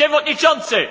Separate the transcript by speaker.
Speaker 1: Przewodniczący!